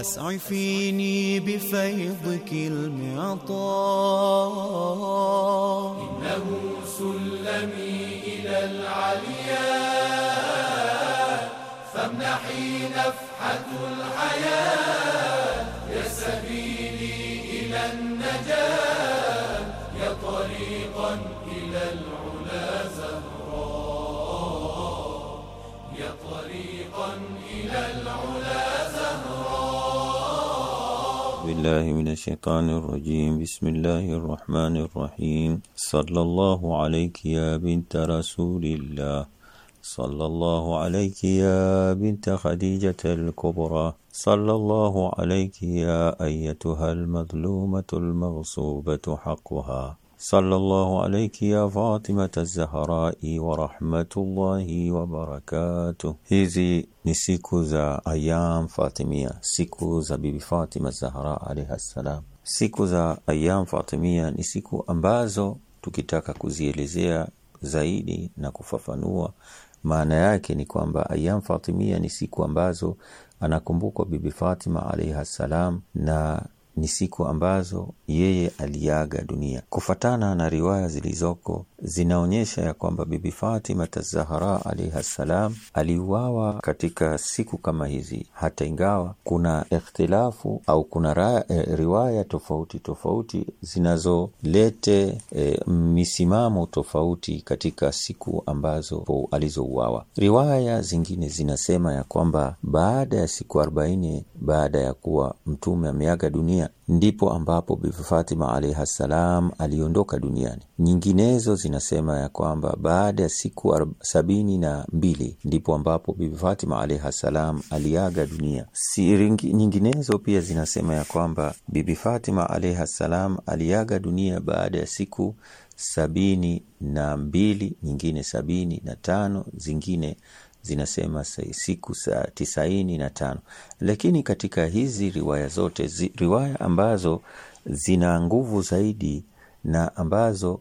أسعفيني بفيضك المعطاء إنه سلمي إلى العلياء فامنحي نفحة الحياة بالله من الشيطان الرجيم بسم الله الرحمن الرحيم صلى الله عليك يا بنت رسول الله صلى الله عليك يا بنت خديجة الكبرى صلى الله عليك يا أيتها المظلومة المغصوبة حقها صلى الله عليك يا فاطمة الزهراء ورحمة الله وبركاته hizi ni siku za ayam fatimia siku za bibi fatima zahra alaihi ssalam siku za ayam fatimia ni siku ambazo tukitaka kuzielezea zaidi na kufafanua maana yake ni kwamba ayam fatimia ni siku ambazo anakumbukwa bibi fatima alaihi ssalam na ni siku ambazo yeye aliaga dunia. Kufatana na riwaya zilizoko zinaonyesha ya kwamba Bibi Fatima Zahra alaiha ssalam aliuawa katika siku kama hizi, hata ingawa kuna ikhtilafu au kuna ra, e, riwaya tofauti tofauti zinazolete e, misimamo tofauti katika siku ambazo alizouawa. Riwaya zingine zinasema ya kwamba baada ya siku arobaini baada ya kuwa mtume ameaga dunia ndipo ambapo Bibi Fatima alaihi ssalam aliondoka duniani. Nyinginezo zinasema ya kwamba baada ya siku sabini na mbili ndipo ambapo Bibi Fatima alaihi ssalam aliaga dunia. Si nyinginezo pia zinasema ya kwamba Bibi Fatima alaihi ssalam aliaga dunia baada ya siku sabini na mbili, nyingine sabini na tano, zingine zinasema siku sa tisaini na tano, lakini katika hizi riwaya zote zi, riwaya ambazo zina nguvu zaidi na ambazo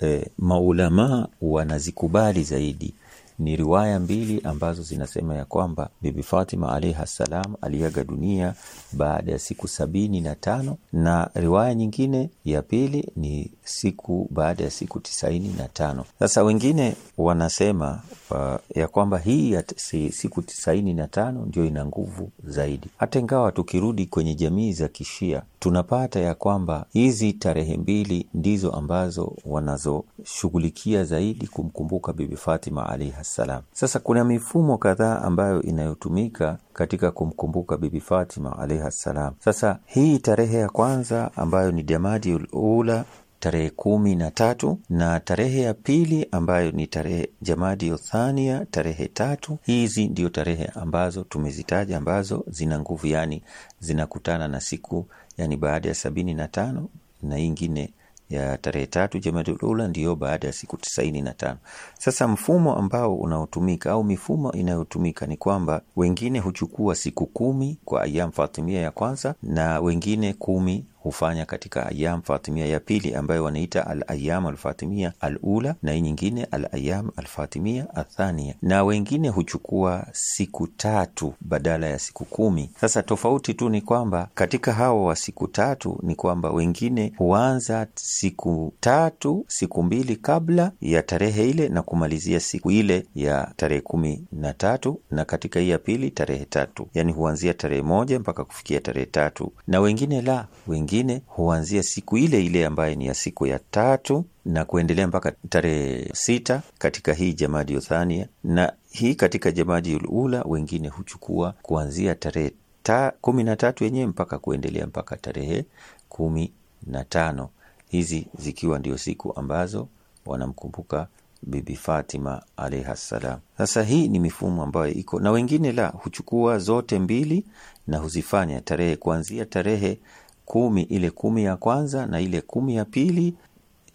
eh, maulamaa wanazikubali zaidi ni riwaya mbili ambazo zinasema ya kwamba Bibi Fatima alayha salam aliaga dunia baada ya siku sabini na tano na riwaya nyingine ya pili ni siku baada ya siku tisaini na tano. Sasa wengine wanasema uh, ya kwamba hii ya siku tisaini na tano ndio ina nguvu zaidi, hata ingawa tukirudi kwenye jamii za Kishia tunapata ya kwamba hizi tarehe mbili ndizo ambazo wanazoshughulikia zaidi kumkumbuka Bibi Fatima alayha salam. Sasa kuna mifumo kadhaa ambayo inayotumika katika kumkumbuka Bibi Fatima alaihi salam. Sasa hii tarehe ya kwanza ambayo ni Jamadi Ula tarehe kumi na tatu na tarehe ya pili ambayo ni tarehe Jamadi Othania tarehe tatu. Hizi ndio tarehe ambazo tumezitaja ambazo zina nguvu, yani zinakutana na siku yani baada ya sabini na tano na ingine ya tarehe tatu jamadulula ndiyo baada ya siku tisaini na tano. Sasa mfumo ambao unaotumika au mifumo inayotumika ni kwamba wengine huchukua siku kumi kwa ayam fatimia ya kwanza na wengine kumi hufanya katika ayam fatimia ya pili ambayo wanaita al ayam alfatimia al ula na hii nyingine al ayam alfatimia athania, na wengine huchukua siku tatu badala ya siku kumi. Sasa tofauti tu ni kwamba katika hawa wa siku tatu ni kwamba wengine huanza siku tatu siku mbili kabla ya tarehe ile na kumalizia siku ile ya tarehe kumi na tatu na katika hii ya pili tarehe tatu, yani huanzia tarehe moja mpaka kufikia tarehe tatu, na wengine la wengine nyingine huanzia siku ile ile ambaye ni ya siku ya tatu na kuendelea mpaka tarehe sita katika hii Jamadi Uthania, na hii katika Jamadi Ulula wengine huchukua kuanzia tarehe ta, kumi na tatu yenyewe mpaka kuendelea mpaka tarehe kumi na tano hizi zikiwa ndio siku ambazo wanamkumbuka Bibi Fatima alaihi Sasa hii ni mifumo ambayo iko na wengine la huchukua zote mbili na huzifanya tarehe kuanzia tarehe kumi, ile kumi ya kwanza na ile kumi ya pili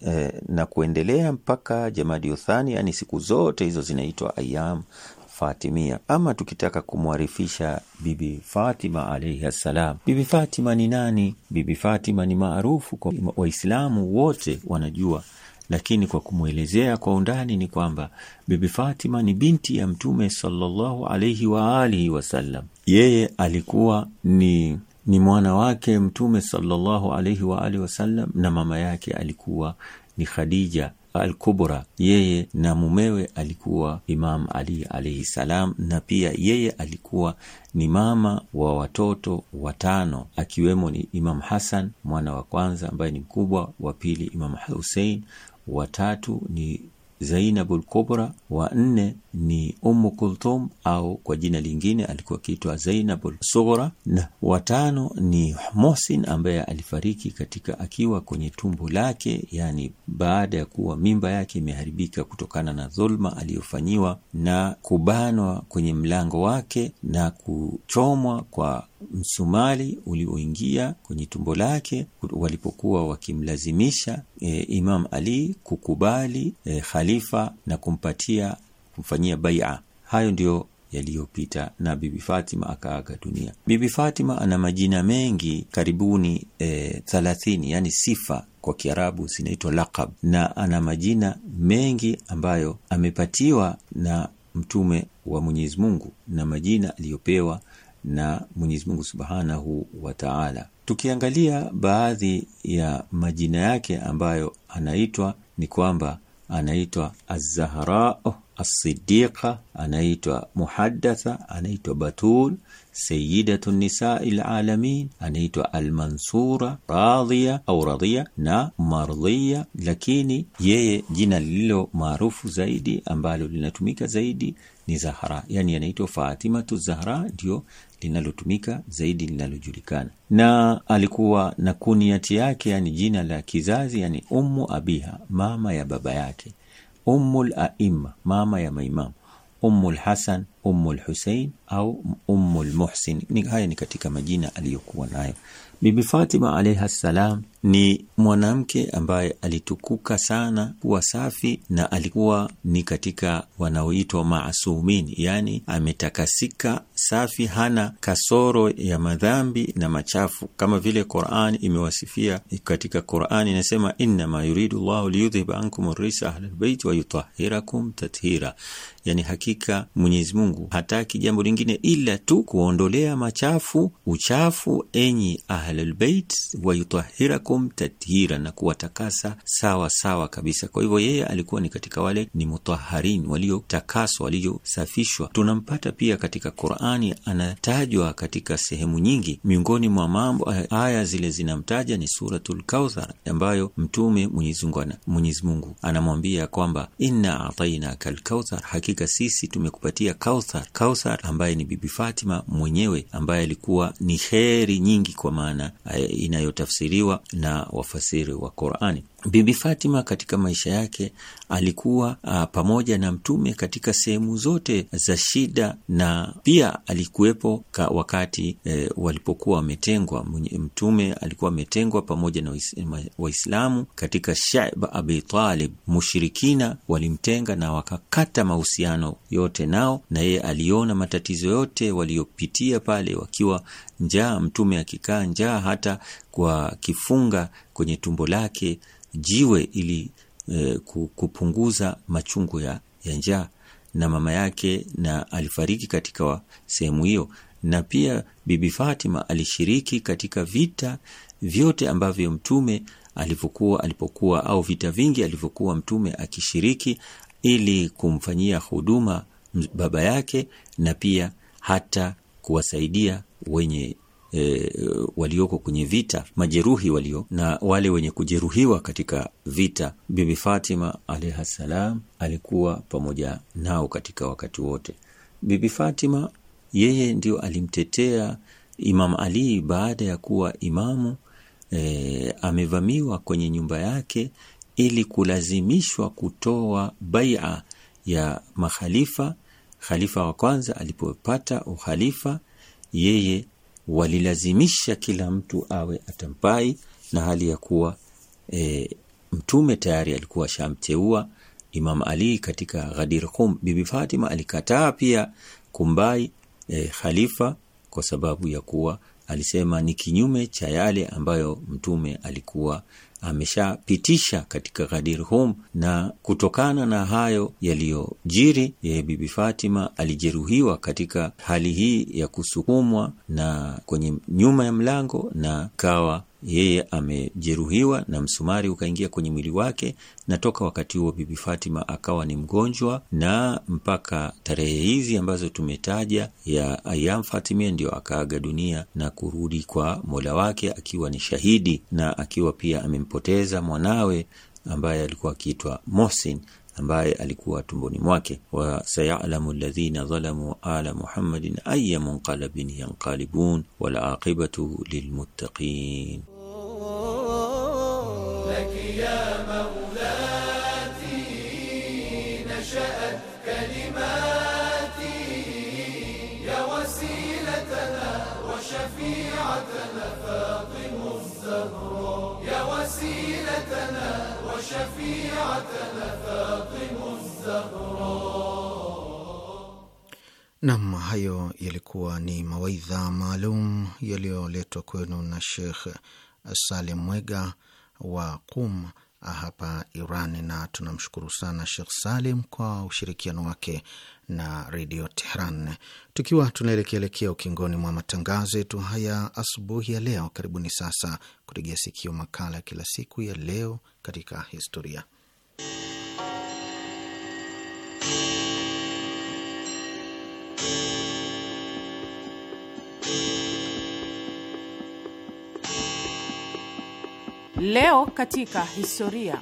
e, na kuendelea mpaka Jamadi Uthani, yani siku zote hizo zinaitwa ayam Fatimia. Ama tukitaka kumwarifisha Bibi Fatima alaihi ssalam, Bibi Fatima ni nani? Bibi Fatima ni maarufu kwa Waislamu wote wanajua, lakini kwa kumwelezea kwa undani ni kwamba Bibi Fatima ni binti ya Mtume sallallahu alaihi waalihi wasallam. Yeye alikuwa ni ni mwana wake Mtume sallallahu alaihi wa alihi wasallam, na mama yake alikuwa ni Khadija Alkubra. Yeye na mumewe alikuwa Imam Ali alaihi salam, na pia yeye alikuwa ni mama wa watoto watano, akiwemo ni Imam Hasan mwana wa kwanza ambaye ni mkubwa, wa pili Imam Husein, watatu ni al Kubra, wa nne ni Ummu Kulthum au kwa jina lingine alikuwa akiitwa al Sughra, na watano ni Muhsin ambaye alifariki katika akiwa kwenye tumbo lake, yani baada ya kuwa mimba yake imeharibika kutokana na dhulma aliyofanyiwa na kubanwa kwenye mlango wake na kuchomwa kwa msumali ulioingia kwenye tumbo lake walipokuwa wakimlazimisha e, Imam Ali kukubali e, khalifa na kumpatia kumfanyia baia. Hayo ndiyo yaliyopita na Bibi Fatima akaaga dunia. Bibi Fatima ana majina mengi karibuni e, thalathini, yani sifa kwa Kiarabu zinaitwa laqab, na ana majina mengi ambayo amepatiwa na Mtume wa Mwenyezi Mungu na majina aliyopewa na Mwenyezi Mungu Subhanahu wa Ta'ala. Tukiangalia baadhi ya majina yake ambayo anaitwa ni kwamba anaitwa az asidiqa anaitwa Muhaddatha, anaitwa Batul, sayidatu Nisai Lalamin, anaitwa Almansura, radhia au radhia na mardhia Lakini yeye jina lililo maarufu zaidi ambalo linatumika zaidi ni Zahra, yani anaitwa Fatimatu Zahra, ndio linalotumika zaidi linalojulikana, na alikuwa na kuniati yake, yani jina la kizazi, yani ummu abiha, mama ya baba yake, ummul aima, mama ya maimamu, ummul lhasan ummul lhusein au ummul lmuhsin Haya ni katika majina aliyokuwa nayo Bibi Fatima alaihi ssalam ni mwanamke ambaye alitukuka sana kuwa safi na alikuwa ni katika wanaoitwa masumin yaani ametakasika safi, hana kasoro ya madhambi na machafu, kama vile Qurani imewasifia katika Qur'an inasema, innama yuridu llahu liyudhhiba ankum risa ahlalbeiti wayutahhirakum tathira, yani hakika Mwenyezi Mungu hataki jambo lingine ila tu kuondolea machafu uchafu enyi ahlbeit wayutahhirakum anfusakum tathira, na kuwatakasa sawa sawa kabisa. Kwa hivyo yeye alikuwa ni katika wale ni mutaharin, waliotakaswa, waliosafishwa. Tunampata pia katika Qurani, anatajwa katika sehemu nyingi. Miongoni mwa mambo eh, aya zile zinamtaja ni Suratul Kauthar, ambayo Mtume Mwenyezi Mungu anamwambia kwamba inna atainaka lkauthar, hakika sisi tumekupatia Kauthar. Kauthar ambaye ni Bibi Fatima mwenyewe, ambaye alikuwa ni kheri nyingi, kwa maana eh, inayotafsiriwa na wafasiri wa Qurani. Bibi Fatima katika maisha yake alikuwa a, ah, pamoja na mtume katika sehemu zote za shida, na pia alikuwepo wakati e, walipokuwa wametengwa. Mtume alikuwa ametengwa pamoja na Waislamu katika Shaib Abi Talib. Mushirikina walimtenga na wakakata mahusiano yote nao, na yeye aliona matatizo yote waliyopitia pale, wakiwa njaa, mtume akikaa njaa, hata kwa kifunga kwenye tumbo lake jiwe ili e, kupunguza machungu ya, ya njaa na mama yake na alifariki katika sehemu hiyo, na pia Bibi Fatima alishiriki katika vita vyote ambavyo mtume alivyokuwa alipokuwa au vita vingi alivyokuwa mtume akishiriki ili kumfanyia huduma baba yake na pia hata kuwasaidia wenye e, walioko kwenye vita, majeruhi walio na wale wenye kujeruhiwa katika vita. Bibi Fatima alaihi salam alikuwa pamoja nao katika wakati wote. Bibi Fatima yeye ndio alimtetea Imam Ali baada ya kuwa imamu e, amevamiwa kwenye nyumba yake ili kulazimishwa kutoa baia ya makhalifa. Khalifa wa kwanza alipopata ukhalifa, yeye walilazimisha kila mtu awe atampai, na hali ya kuwa e, mtume tayari alikuwa shamteua Imam Ali katika Ghadir Qum. Bibi Fatima alikataa pia kumbai e, khalifa kwa sababu ya kuwa alisema ni kinyume cha yale ambayo mtume alikuwa ameshapitisha katika Ghadir Hum, na kutokana na hayo yaliyojiri, yeye Bibi Fatima alijeruhiwa katika hali hii ya kusukumwa na kwenye nyuma ya mlango na kawa yeye amejeruhiwa na msumari ukaingia kwenye mwili wake, na toka wakati huo Bibi Fatima akawa ni mgonjwa, na mpaka tarehe hizi ambazo tumetaja ya Ayam Fatimia ndio akaaga dunia na kurudi kwa Mola wake akiwa ni shahidi na akiwa pia amempoteza mwanawe ambaye alikuwa akiitwa Mohsin ambaye alikuwa tumboni mwake. wa sayalamu alladhina dhalamu ala muhammadin aya munqalabin yanqalibun walaaqibatu aqibatu lilmuttaqin. لك يا مولاتي نشأت كلماتي يا وسيلتنا وشفيعتنا فاطم الزهراء يا وسيلتنا وشفيعتنا فاطم الزهراء Nam, hayo yalikuwa ni mawaidha maalum yaliyoletwa kwenu na Shekh Salim Mwega wa Qum ah, hapa Iran, na tunamshukuru sana Shekh Salim kwa ushirikiano wake na Redio Tehran. Tukiwa tunaelekeelekea ukingoni mwa matangazo yetu haya asubuhi ya leo, karibuni sasa kutegea sikio makala ya kila siku ya Leo katika Historia. Leo katika historia.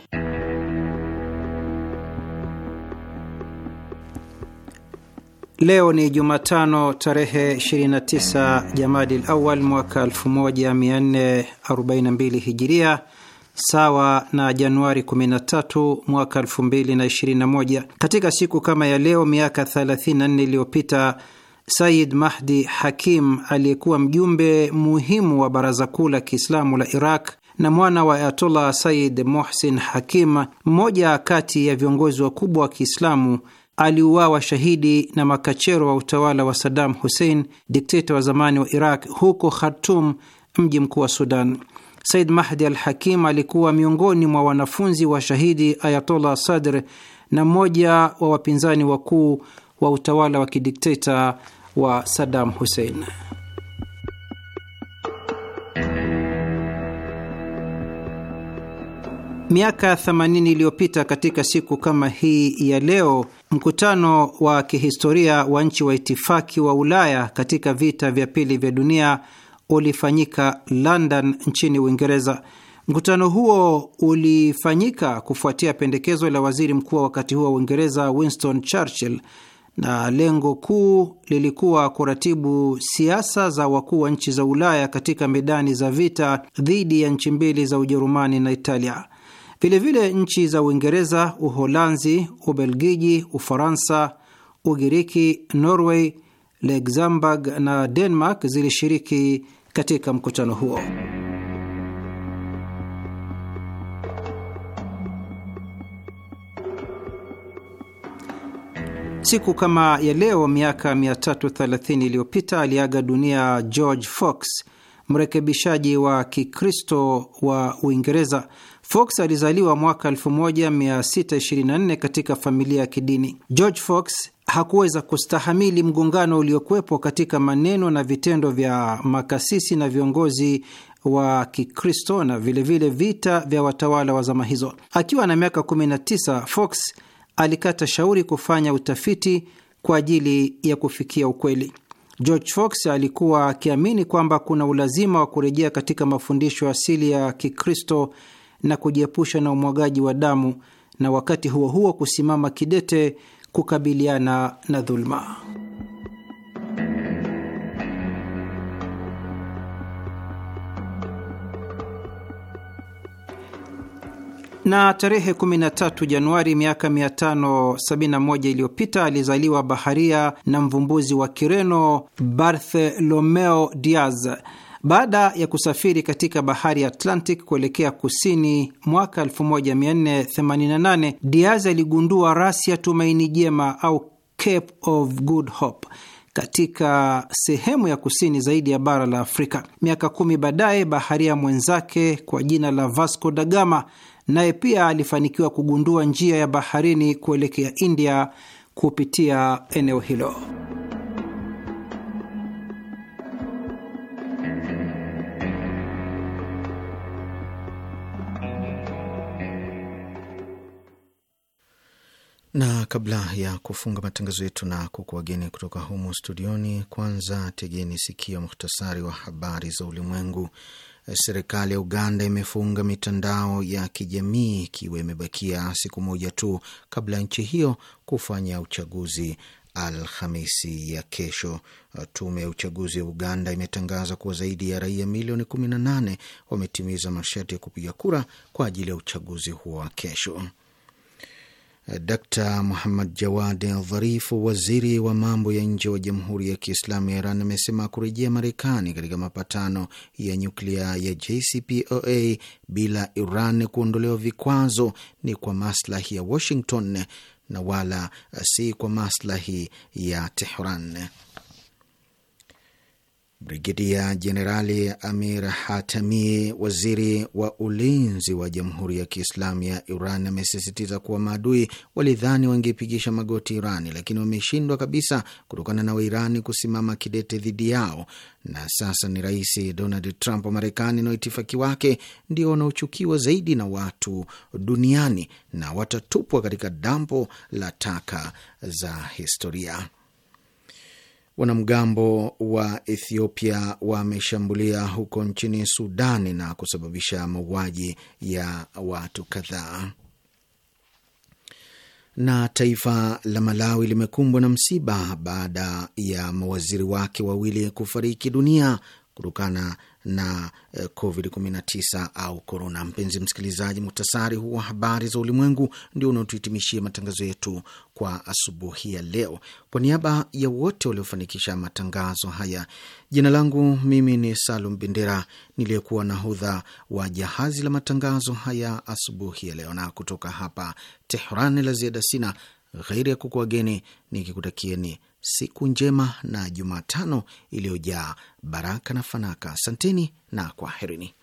Leo ni Jumatano tarehe 29 Jamadil Awal mwaka 1442 Hijiria, sawa na Januari 13 mwaka 2021. Katika siku kama ya leo miaka 34 iliyopita Said Mahdi Hakim aliyekuwa mjumbe muhimu wa Baraza Kuu la Kiislamu la Iraq na mwana wa Ayatollah Said Mohsin Hakim, mmoja kati ya viongozi wakubwa wa Kiislamu, aliuawa shahidi na makachero wa utawala wa Saddam Hussein, dikteta wa zamani wa Iraq, huko Khartum, mji mkuu wa Sudan. Said Mahdi al Hakim alikuwa miongoni mwa wanafunzi wa shahidi Ayatollah Sadr na mmoja wa wapinzani wakuu wa utawala wa kidikteta wa Saddam Hussein. Miaka 80 iliyopita katika siku kama hii ya leo, mkutano wa kihistoria wa nchi wa itifaki wa Ulaya katika vita vya pili vya dunia ulifanyika London nchini Uingereza. Mkutano huo ulifanyika kufuatia pendekezo la waziri mkuu wa wakati huo wa Uingereza, Winston Churchill, na lengo kuu lilikuwa kuratibu siasa za wakuu wa nchi za Ulaya katika medani za vita dhidi ya nchi mbili za Ujerumani na Italia. Vilevile nchi za Uingereza, Uholanzi, Ubelgiji, Ufaransa, Ugiriki, Norway, Luxembourg na Denmark zilishiriki katika mkutano huo. Siku kama ya leo miaka 330 iliyopita aliaga dunia George Fox, mrekebishaji wa Kikristo wa Uingereza. Fox alizaliwa mwaka 1624 katika familia ya kidini. George Fox hakuweza kustahamili mgongano uliokuwepo katika maneno na vitendo vya makasisi na viongozi wa Kikristo na vilevile vile vita vya watawala wa zama hizo. Akiwa na miaka 19, Fox alikata shauri kufanya utafiti kwa ajili ya kufikia ukweli. George Fox alikuwa akiamini kwamba kuna ulazima wa kurejea katika mafundisho asili ya Kikristo na kujiepusha na umwagaji wa damu na wakati huo huo kusimama kidete kukabiliana na dhuluma. Na tarehe 13 Januari miaka 571 iliyopita alizaliwa baharia na mvumbuzi wa Kireno Bartholomeo Diaz baada ya kusafiri katika bahari ya Atlantic kuelekea kusini mwaka 1488 Diaz aligundua rasi ya Tumaini Jema au Cape of Good Hope katika sehemu ya kusini zaidi ya bara la Afrika. Miaka kumi baadaye, baharia mwenzake kwa jina la Vasco da Gama naye pia alifanikiwa kugundua njia ya baharini kuelekea India kupitia eneo hilo. na kabla ya kufunga matangazo yetu na wageni kutoka humo studioni, kwanza tegeni sikio muhtasari wa habari za ulimwengu. Serikali ya Uganda imefunga mitandao ya kijamii ikiwa imebakia siku moja tu kabla ya nchi hiyo kufanya uchaguzi Alhamisi ya kesho. Tume ya uchaguzi ya Uganda imetangaza kuwa zaidi ya raia milioni 18 wametimiza masharti ya kupiga kura kwa ajili ya uchaguzi huo wa kesho. Dkt Muhammad Jawad Dharifu, waziri wa mambo ya nje wa Jamhuri ya Kiislamu ya Iran, amesema kurejea Marekani katika mapatano ya nyuklia ya JCPOA bila Iran kuondolewa vikwazo ni kwa maslahi ya Washington na wala si kwa maslahi ya Tehran. Brigedia Jenerali Amir Hatami, waziri wa ulinzi wa Jamhuri ya Kiislamu ya Iran, amesisitiza kuwa maadui walidhani wangepigisha magoti Irani, lakini wameshindwa kabisa kutokana na Wairani kusimama kidete dhidi yao, na sasa ni Rais Donald Trump wa Marekani na waitifaki wake ndio wanaochukiwa zaidi na watu duniani na watatupwa katika dampo la taka za historia. Wanamgambo wa Ethiopia wameshambulia huko nchini Sudani na kusababisha mauaji ya watu kadhaa. Na taifa la Malawi limekumbwa na msiba baada ya mawaziri wake wawili kufariki dunia kutokana na eh, COVID-19 au korona. Mpenzi msikilizaji, muhtasari huu wa habari za ulimwengu ndio unaotuhitimishia matangazo yetu kwa asubuhi ya leo. Kwa niaba ya wote waliofanikisha matangazo haya, jina langu mimi ni Salum Bendera niliyekuwa nahodha wa jahazi la matangazo haya asubuhi ya leo, na kutoka hapa Tehran la ziada sina ghairi ya kukuageni nikikutakieni siku njema na Jumatano iliyojaa baraka na fanaka. Asanteni na kwaherini.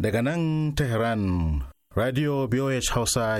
daga nan tehran radio voh hausa